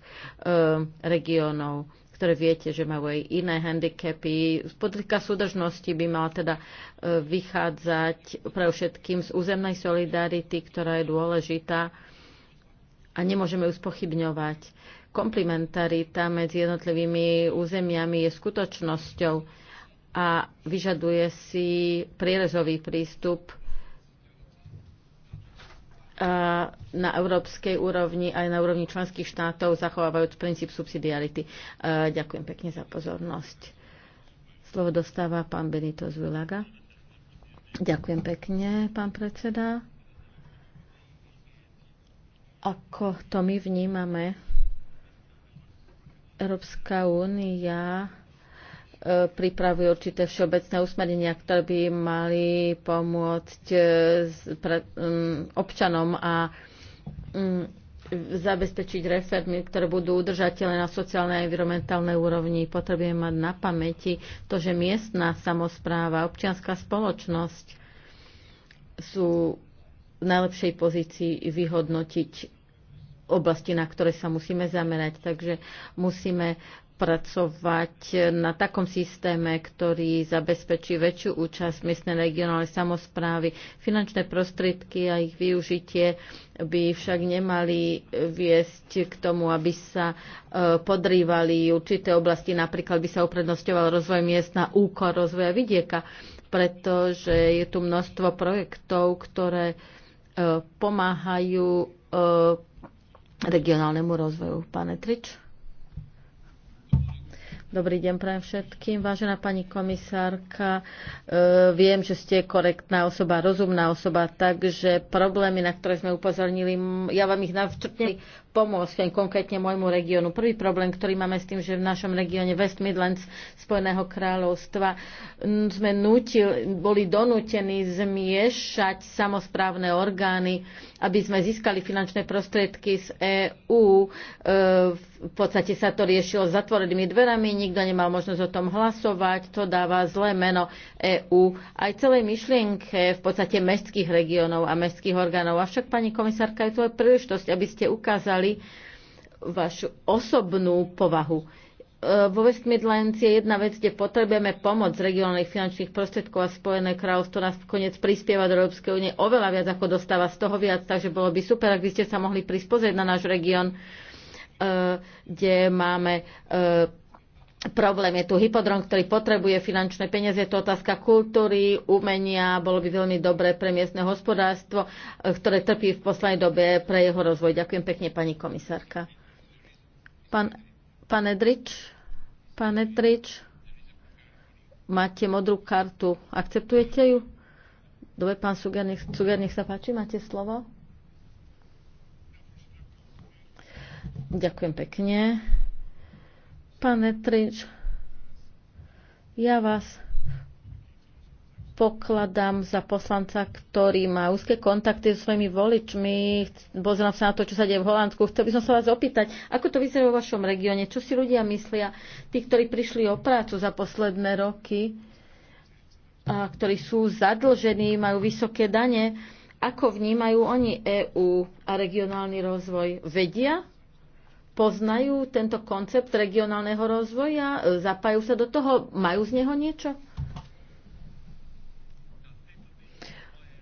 regiónov ktoré viete, že majú aj iné handicapy. Podľa súdržnosti by mala teda e, vychádzať pre všetkým z územnej solidarity, ktorá je dôležitá a nemôžeme ju spochybňovať. Komplementarita medzi jednotlivými územiami je skutočnosťou a vyžaduje si prierezový prístup na európskej úrovni aj na úrovni členských štátov zachovávajúc princíp subsidiarity. Ďakujem pekne za pozornosť. Slovo dostáva pán Benito Zulaga. Ďakujem pekne, pán predseda. Ako to my vnímame, Európska únia E, pripravuje určité všeobecné usmernenia, ktoré by mali pomôcť e, občanom a zabezpečiť reformy, ktoré budú udržateľné na sociálnej a environmentálnej úrovni. Potrebujeme mať na pamäti to, že miestna samozpráva, občianská spoločnosť sú v najlepšej pozícii vyhodnotiť oblasti, na ktoré sa musíme zamerať. Takže musíme pracovať na takom systéme, ktorý zabezpečí väčšiu účasť miestnej regionálnej samozprávy. Finančné prostriedky a ich využitie by však nemali viesť k tomu, aby sa e, podrývali určité oblasti, napríklad by sa uprednostňoval rozvoj miest na úkor rozvoja vidieka, pretože je tu množstvo projektov, ktoré e, pomáhajú e, regionálnemu rozvoju. Pane Trič? Dobrý deň pre všetkým. Vážená pani komisárka, e, viem, že ste korektná osoba, rozumná osoba, takže problémy, na ktoré sme upozornili, ja vám ich navčrtnem pomôcť aj konkrétne môjmu regiónu. Prvý problém, ktorý máme s tým, že v našom regióne West Midlands Spojeného kráľovstva sme nutil, boli donútení zmiešať samozprávne orgány, aby sme získali finančné prostriedky z EÚ. E, v podstate sa to riešilo zatvorenými dverami, nikto nemal možnosť o tom hlasovať, to dáva zlé meno EÚ aj celej myšlienke v podstate mestských regiónov a mestských orgánov. Avšak, pani komisárka, je to aj príležitosť, aby ste ukázali, prezentovali vašu osobnú povahu. E, vo West Midlands je jedna vec, kde potrebujeme pomoc z regionálnych finančných prostriedkov a Spojené kráľovstvo nás koniec prispieva do Európskej únie oveľa viac, ako dostáva z toho viac, takže bolo by super, ak by ste sa mohli prispozrieť na náš región, e, kde máme e, problém. Je tu hypodrom, ktorý potrebuje finančné peniaze. Je to otázka kultúry, umenia. Bolo by veľmi dobré pre miestne hospodárstvo, eh, ktoré trpí v poslednej dobe pre jeho rozvoj. Ďakujem pekne, pani komisárka. Pán, pán Edrič, pán Edrič, máte modrú kartu. Akceptujete ju? Dobre, pán Suger, nech, sa páči, máte slovo. Ďakujem pekne. Pane Trič, ja vás pokladám za poslanca, ktorý má úzke kontakty so svojimi voličmi. Pozrám sa na to, čo sa deje v Holandsku. Chcel by som sa vás opýtať, ako to vyzerá vo vašom regióne? Čo si ľudia myslia, tí, ktorí prišli o prácu za posledné roky, a ktorí sú zadlžení, majú vysoké dane, ako vnímajú oni EÚ a regionálny rozvoj? Vedia, poznajú tento koncept regionálneho rozvoja, zapájú sa do toho, majú z neho niečo?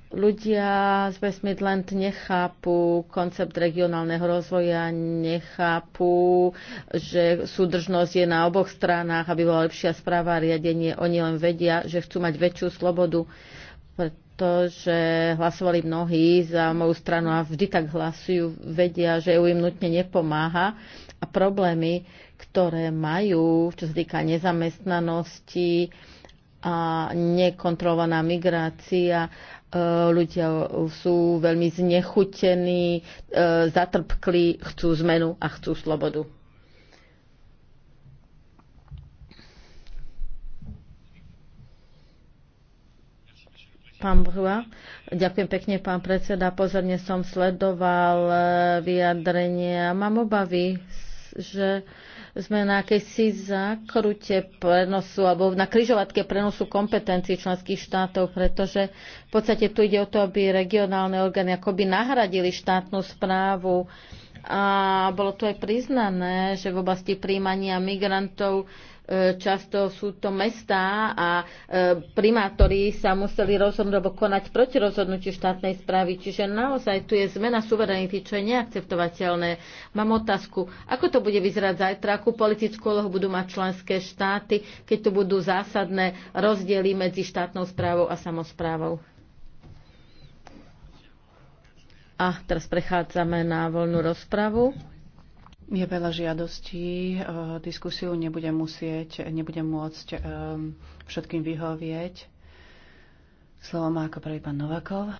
Ľudia z West Midland nechápu koncept regionálneho rozvoja, nechápu, že súdržnosť je na oboch stranách, aby bola lepšia správa a riadenie. Oni len vedia, že chcú mať väčšiu slobodu, to, že hlasovali mnohí za moju stranu a vždy tak hlasujú, vedia, že ju im nutne nepomáha a problémy, ktoré majú, čo sa týka nezamestnanosti a nekontrolovaná migrácia, e, ľudia sú veľmi znechutení, e, zatrpkli, chcú zmenu a chcú slobodu. Pán Brua, ďakujem pekne, pán predseda. Pozorne som sledoval eh, vyjadrenie a mám obavy, že sme na akejsi zakrute prenosu alebo na kryžovatke prenosu kompetencií členských štátov, pretože v podstate tu ide o to, aby regionálne orgány akoby nahradili štátnu správu a bolo tu aj priznané, že v oblasti príjmania migrantov E, často sú to mestá a e, primátori sa museli rozhodnovo konať proti rozhodnutiu štátnej správy. Čiže naozaj tu je zmena suverenity, čo je neakceptovateľné. Mám otázku, ako to bude vyzerať zajtra, akú politickú úlohu budú mať členské štáty, keď tu budú zásadné rozdiely medzi štátnou správou a samozprávou. A teraz prechádzame na voľnú rozpravu. Je veľa žiadostí, eh, diskusiu nebudem musieť, nebudem môcť eh, všetkým vyhovieť. Slovo má ako prvý pán Novakov.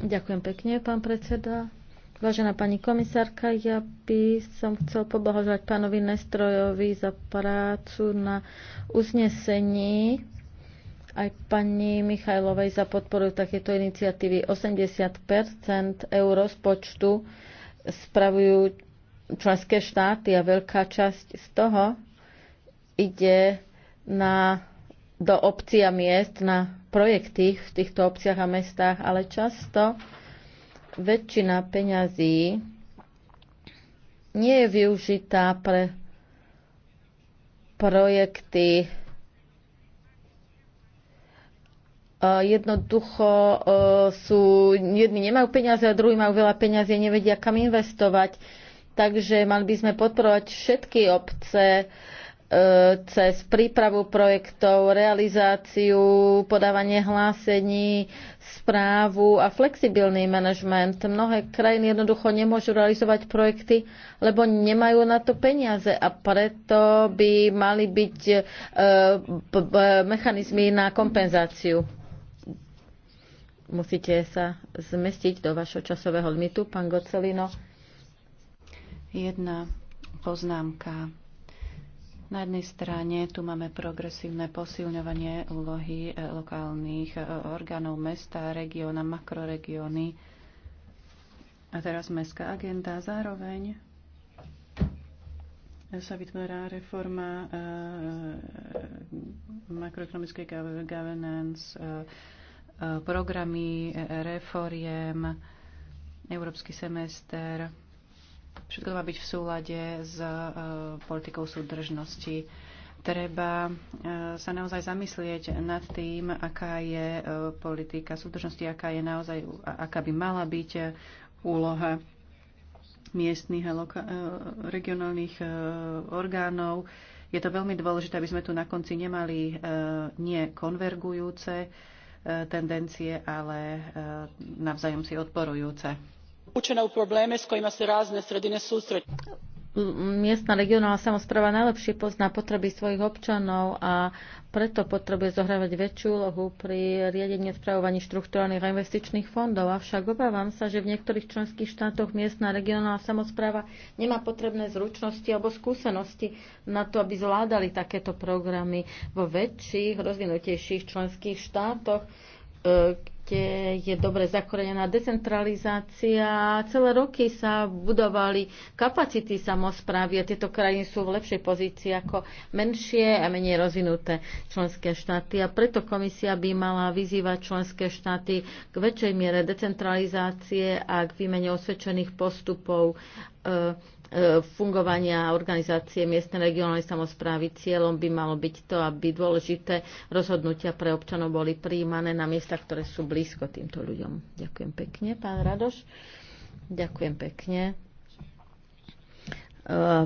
Ďakujem pekne, pán predseda. Vážená pani komisárka, ja by som chcel poblahožať pánovi Nestrojovi za prácu na uznesení aj pani Michajlovej za podporu takéto iniciatívy. 80 eur z počtu spravujú členské štáty a veľká časť z toho ide na, do obcí a miest na projekty v týchto obciach a mestách, ale často väčšina peňazí nie je využitá pre projekty Eh, jednoducho eh, sú, jedni nemajú peniaze a druhí majú veľa peniazy a nevedia, kam investovať. Takže mali by sme podporovať všetky obce, eh, cez prípravu projektov, realizáciu, podávanie hlásení, správu a flexibilný manažment. Mnohé krajiny jednoducho nemôžu realizovať projekty, lebo nemajú na to peniaze a preto by mali byť mechanizmy na kompenzáciu musíte sa zmestiť do vašho časového limitu. Pán Gocelino. Jedna poznámka. Na jednej strane tu máme progresívne posilňovanie úlohy e, lokálnych e, orgánov mesta, regióna, makroregióny. A teraz mestská agenda. Zároveň sa vytvára reforma e, makroekonomickej governance, programy reforiem, európsky semester. Všetko má byť v súlade s e, politikou súdržnosti. Treba e, sa naozaj zamyslieť nad tým, aká je e, politika súdržnosti, aká, je naozaj, aká by mala byť úloha miestnych a regionálnych orgánov. Je to veľmi dôležité, aby sme tu na konci nemali nekonvergujúce tendencie, ale e, navzájom si odporujúce. u probleme s kojima se razne sredine miestna regionálna samozpráva najlepšie pozná potreby svojich občanov a preto potrebuje zohrávať väčšiu úlohu pri riadení a spravovaní štruktúrnych a investičných fondov. Avšak obávam sa, že v niektorých členských štátoch miestna regionálna samozpráva nemá potrebné zručnosti alebo skúsenosti na to, aby zvládali takéto programy vo väčších, rozvinutejších členských štátoch kde je dobre zakorenená decentralizácia. Celé roky sa budovali kapacity samozprávy a tieto krajiny sú v lepšej pozícii ako menšie a menej rozvinuté členské štáty. A preto komisia by mala vyzývať členské štáty k väčšej miere decentralizácie a k výmene osvedčených postupov e, fungovania organizácie miestnej regionálnej samozprávy. Cieľom by malo byť to, aby dôležité rozhodnutia pre občanov boli príjmané na miesta, ktoré sú blízko týmto ľuďom. Ďakujem pekne, pán Radoš. Ďakujem pekne.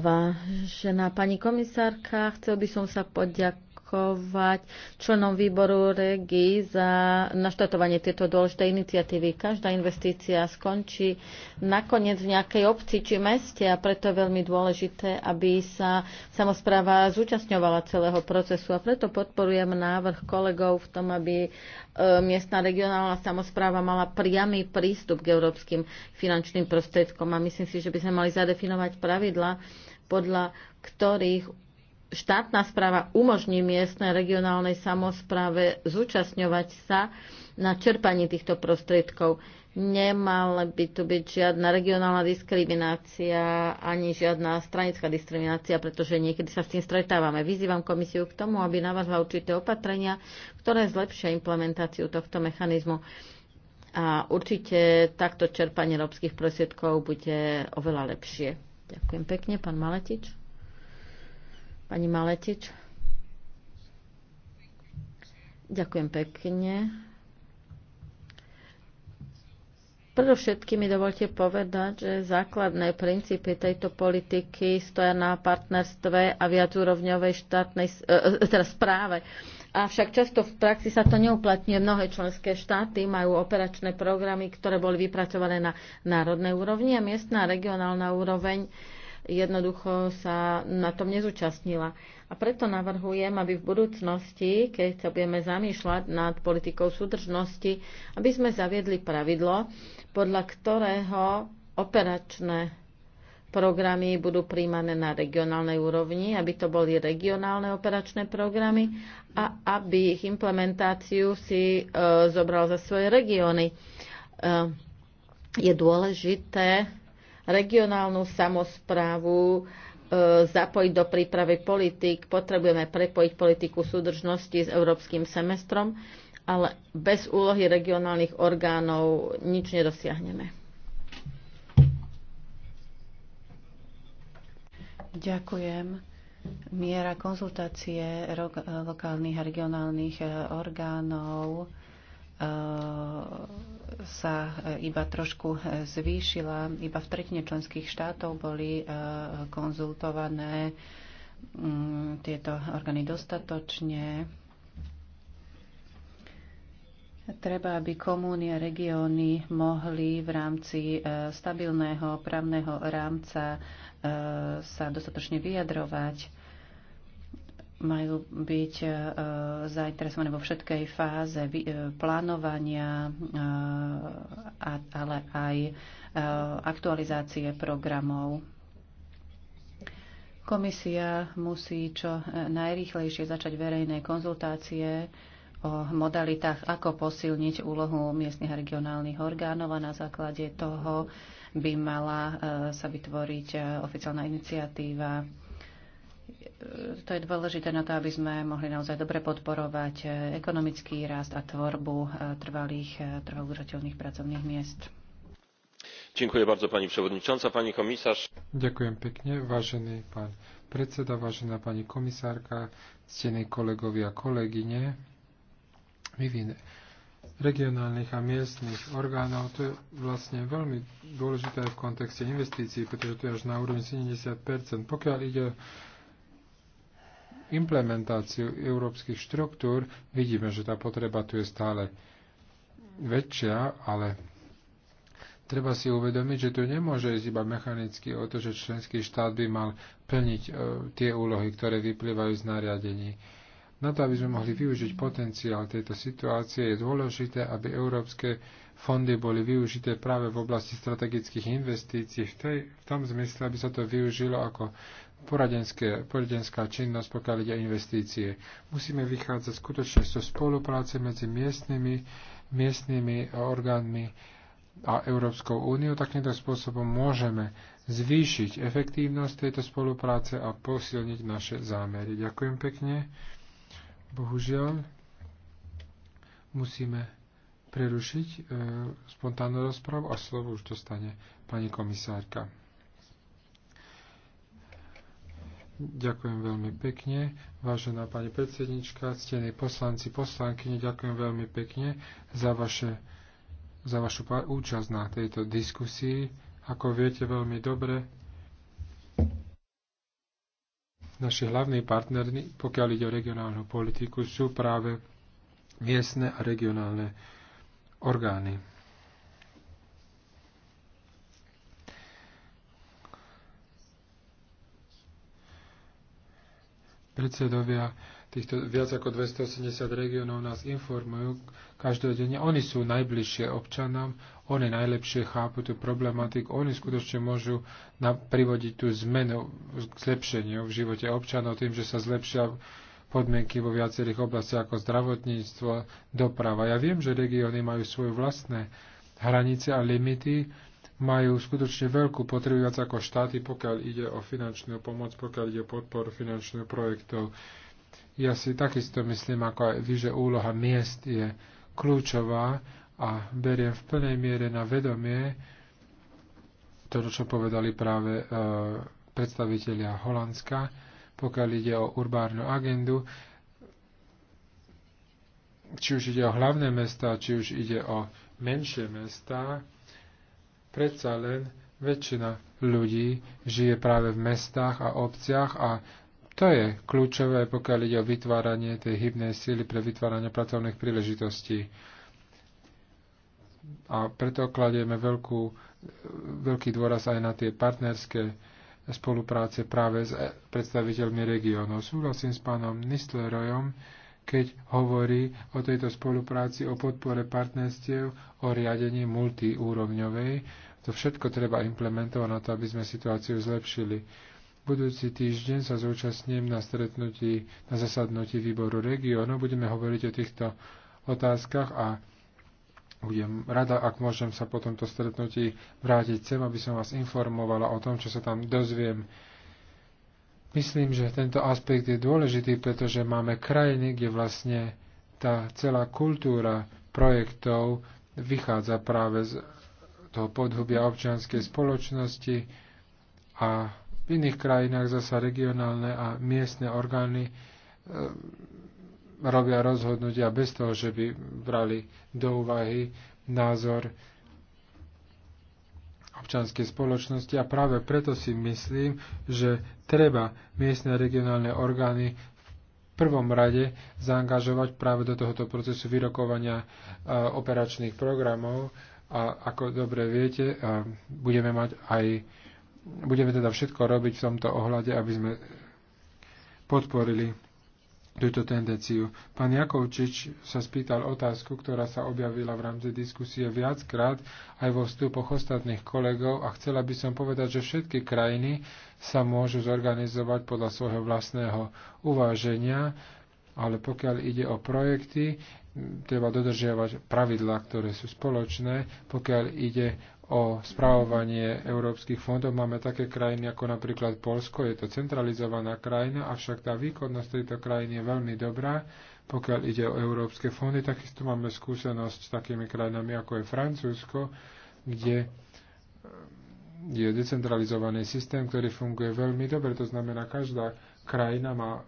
Vážená pani komisárka, chcel by som sa poďakovať poďakovať členom výboru REGI za naštatovanie tieto dôležité iniciatívy. Každá investícia skončí nakoniec v nejakej obci či meste a preto je veľmi dôležité, aby sa samozpráva zúčastňovala celého procesu a preto podporujem návrh kolegov v tom, aby e, miestna regionálna samozpráva mala priamy prístup k európskym finančným prostriedkom a myslím si, že by sme mali zadefinovať pravidla, podľa ktorých štátna správa umožní miestnej regionálnej samozpráve zúčastňovať sa na čerpaní týchto prostriedkov. Nemala by tu byť žiadna regionálna diskriminácia ani žiadna stranická diskriminácia, pretože niekedy sa s tým stretávame. Vyzývam komisiu k tomu, aby navazla určité opatrenia, ktoré zlepšia implementáciu tohto mechanizmu. A určite takto čerpanie európskych prostriedkov bude oveľa lepšie. Ďakujem pekne, pán Maletič. Pani Maletič. Ďakujem pekne. Predovšetkým mi dovolte povedať, že základné princípy tejto politiky stoja na partnerstve a viacúrovňovej štátnej e, e, teda správe. Avšak často v praxi sa to neuplatňuje. Mnohé členské štáty majú operačné programy, ktoré boli vypracované na národnej úrovni a miestna a regionálna úroveň jednoducho sa na tom nezúčastnila. A preto navrhujem, aby v budúcnosti, keď sa budeme zamýšľať nad politikou súdržnosti, aby sme zaviedli pravidlo, podľa ktorého operačné programy budú príjmané na regionálnej úrovni, aby to boli regionálne operačné programy a aby ich implementáciu si e, zobral za svoje regióny. E, je dôležité regionálnu samozprávu, e, zapojiť do prípravy politik, potrebujeme prepojiť politiku súdržnosti s európskym semestrom, ale bez úlohy regionálnych orgánov nič nedosiahneme. Ďakujem. Miera konzultácie lokálnych a regionálnych e, orgánov e, sa e, iba trošku e, zvýšila. Iba v tretine členských štátov boli e, konzultované mm, tieto orgány dostatočne. Treba, aby komúny a regióny mohli v rámci stabilného právneho rámca sa dostatočne vyjadrovať majú byť e, zainteresované vo všetkej fáze e, plánovania, e, ale aj aktualizácie programov. Komisia musí čo najrýchlejšie začať verejné konzultácie o modalitách, ako posilniť úlohu miestnych a regionálnych orgánov a na základe toho by mala sa vytvoriť oficiálna iniciatíva to je dôležité na to, aby sme mohli naozaj dobre podporovať e, ekonomický rast a tvorbu e, trvalých, e, trvalo pracovných miest. Ďakujem bardzo pani przewodnicząca, pani komisarz. Ďakujem pekne, vážený pán predseda, vážená pani komisárka, ctení kolegovia a kolegyne. Vyvine regionálnych a miestnych orgánov, to je vlastne veľmi dôležité v kontexte investícií, pretože to je až na úrovni 70 Pokiaľ ide implementáciu európskych štruktúr, vidíme, že tá potreba tu je stále väčšia, ale treba si uvedomiť, že tu nemôže ísť iba mechanicky o to, že členský štát by mal plniť e, tie úlohy, ktoré vyplývajú z nariadení na to, aby sme mohli využiť potenciál tejto situácie, je dôležité, aby európske fondy boli využité práve v oblasti strategických investícií, v, tej, v tom zmysle, aby sa to využilo ako poradenská činnosť, pokiaľ ide investície. Musíme vychádzať skutočne zo so spolupráce medzi miestnymi, miestnymi orgánmi a Európskou úniou. Takýmto spôsobom môžeme zvýšiť efektívnosť tejto spolupráce a posilniť naše zámery. Ďakujem pekne. Bohužiaľ, musíme prerušiť e, spontánnu rozpravu a slovo už dostane pani komisárka. Ďakujem veľmi pekne. Vážená pani predsednička, ctení poslanci, poslanky ďakujem veľmi pekne za, vaše, za vašu účasť na tejto diskusii. Ako viete veľmi dobre, Naši hlavní partnery, pokiaľ ide o regionálnu politiku, sú práve miestne a regionálne orgány. Predsedovia týchto viac ako 280 regionov nás informujú každodenne. Oni sú najbližšie občanom, oni najlepšie chápu tú problematiku, oni skutočne môžu privodiť tú zmenu k zlepšeniu v živote občanov tým, že sa zlepšia podmienky vo viacerých oblastiach ako zdravotníctvo, doprava. Ja viem, že regióny majú svoje vlastné hranice a limity, majú skutočne veľkú potrebu viac ako štáty, pokiaľ ide o finančnú pomoc, pokiaľ ide o podporu finančných projektov. Ja si takisto myslím, ako aj vy, že úloha miest je kľúčová a beriem v plnej miere na vedomie to, čo povedali práve e, predstavitelia Holandska, pokiaľ ide o urbárnu agendu, či už ide o hlavné mesta, či už ide o menšie mesta, predsa len väčšina ľudí žije práve v mestách a obciach a to je kľúčové, pokiaľ ide o vytváranie tej hybnej síly pre vytváranie pracovných príležitostí a preto kladieme veľkú, veľký dôraz aj na tie partnerské spolupráce práve s predstaviteľmi regiónov. Súhlasím s pánom Nistlerojom, keď hovorí o tejto spolupráci, o podpore partnerstiev, o riadení multiúrovňovej. To všetko treba implementovať na to, aby sme situáciu zlepšili. Budúci týždeň sa zúčastním na stretnutí, na zasadnutí výboru regiónov. Budeme hovoriť o týchto otázkach a budem rada, ak môžem sa po tomto stretnutí vrátiť sem, aby som vás informovala o tom, čo sa tam dozviem. Myslím, že tento aspekt je dôležitý, pretože máme krajiny, kde vlastne tá celá kultúra projektov vychádza práve z toho podhubia občianskej spoločnosti a v iných krajinách zasa regionálne a miestne orgány e, robia rozhodnutia bez toho, že by brali do úvahy názor občanskej spoločnosti a práve preto si myslím, že treba miestne a regionálne orgány v prvom rade zaangažovať práve do tohoto procesu vyrokovania e, operačných programov a ako dobre viete, e, budeme mať aj budeme teda všetko robiť v tomto ohľade, aby sme podporili túto tendenciu. Pán Jakovčič sa spýtal otázku, ktorá sa objavila v rámci diskusie viackrát aj vo vstupoch ostatných kolegov a chcela by som povedať, že všetky krajiny sa môžu zorganizovať podľa svojho vlastného uváženia, ale pokiaľ ide o projekty, treba dodržiavať pravidlá, ktoré sú spoločné. Pokiaľ ide o správovanie európskych fondov. Máme také krajiny ako napríklad Polsko, je to centralizovaná krajina, avšak tá výkonnosť tejto krajiny je veľmi dobrá, pokiaľ ide o európske fondy. Takisto máme skúsenosť s takými krajinami ako je Francúzsko, kde eh, je decentralizovaný systém, ktorý funguje veľmi dobre. To znamená, každá krajina má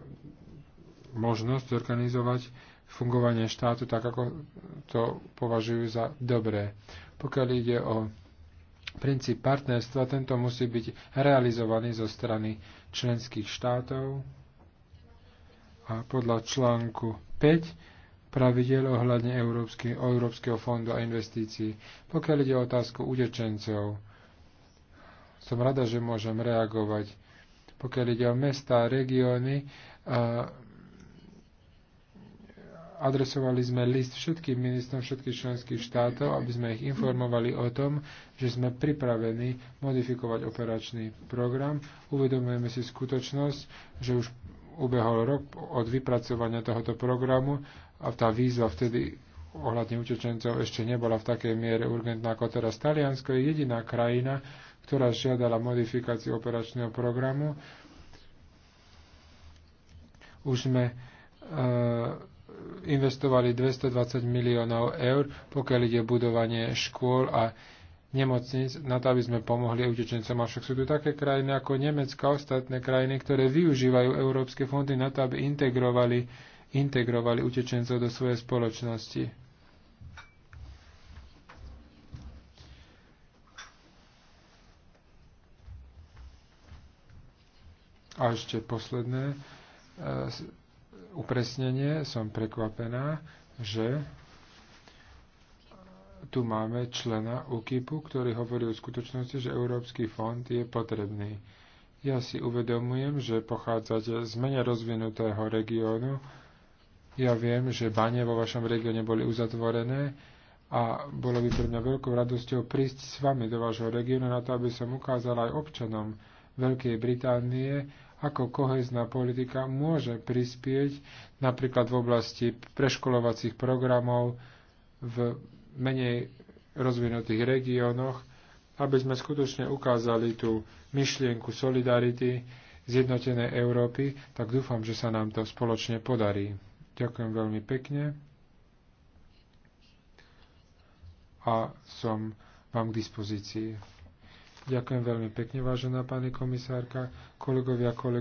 možnosť zorganizovať fungovanie štátu tak, ako to považujú za dobré. Pokiaľ ide o princíp partnerstva, tento musí byť realizovaný zo strany členských štátov a podľa článku 5 pravidel ohľadne Európsky, Európskeho fondu a investícií. Pokiaľ ide o otázku utečencov, som rada, že môžem reagovať. Pokiaľ ide o mesta a regióny, adresovali sme list všetkým ministrom všetkých členských štátov, aby sme ich informovali o tom, že sme pripravení modifikovať operačný program. Uvedomujeme si skutočnosť, že už ubehol rok od vypracovania tohoto programu a tá výzva vtedy ohľadne utečencov ešte nebola v takej miere urgentná ako teraz. Taliansko je jediná krajina, ktorá žiadala modifikáciu operačného programu. Už sme eh, investovali 220 miliónov eur, pokiaľ ide budovanie škôl a nemocnic na to, aby sme pomohli utečencom. Avšak sú tu také krajiny ako Nemecka a ostatné krajiny, ktoré využívajú európske fondy na to, aby integrovali, integrovali utečencov do svojej spoločnosti. A ešte posledné e, upresnenie. Som prekvapená, že tu máme člena UKIPu, ktorý hovorí o skutočnosti, že Európsky fond je potrebný. Ja si uvedomujem, že pochádzate z menej rozvinutého regiónu. Ja viem, že bane vo vašom regióne boli uzatvorené a bolo by pre mňa veľkou radosťou prísť s vami do vášho regiónu na to, aby som ukázal aj občanom Veľkej Británie, ako kohezná politika môže prispieť napríklad v oblasti preškolovacích programov v menej rozvinutých regiónoch, aby sme skutočne ukázali tú myšlienku solidarity zjednotenej Európy, tak dúfam, že sa nám to spoločne podarí. Ďakujem veľmi pekne a som vám k dispozícii. Ďakujem veľmi pekne, vážená pani komisárka, kolegovia, kolegovia.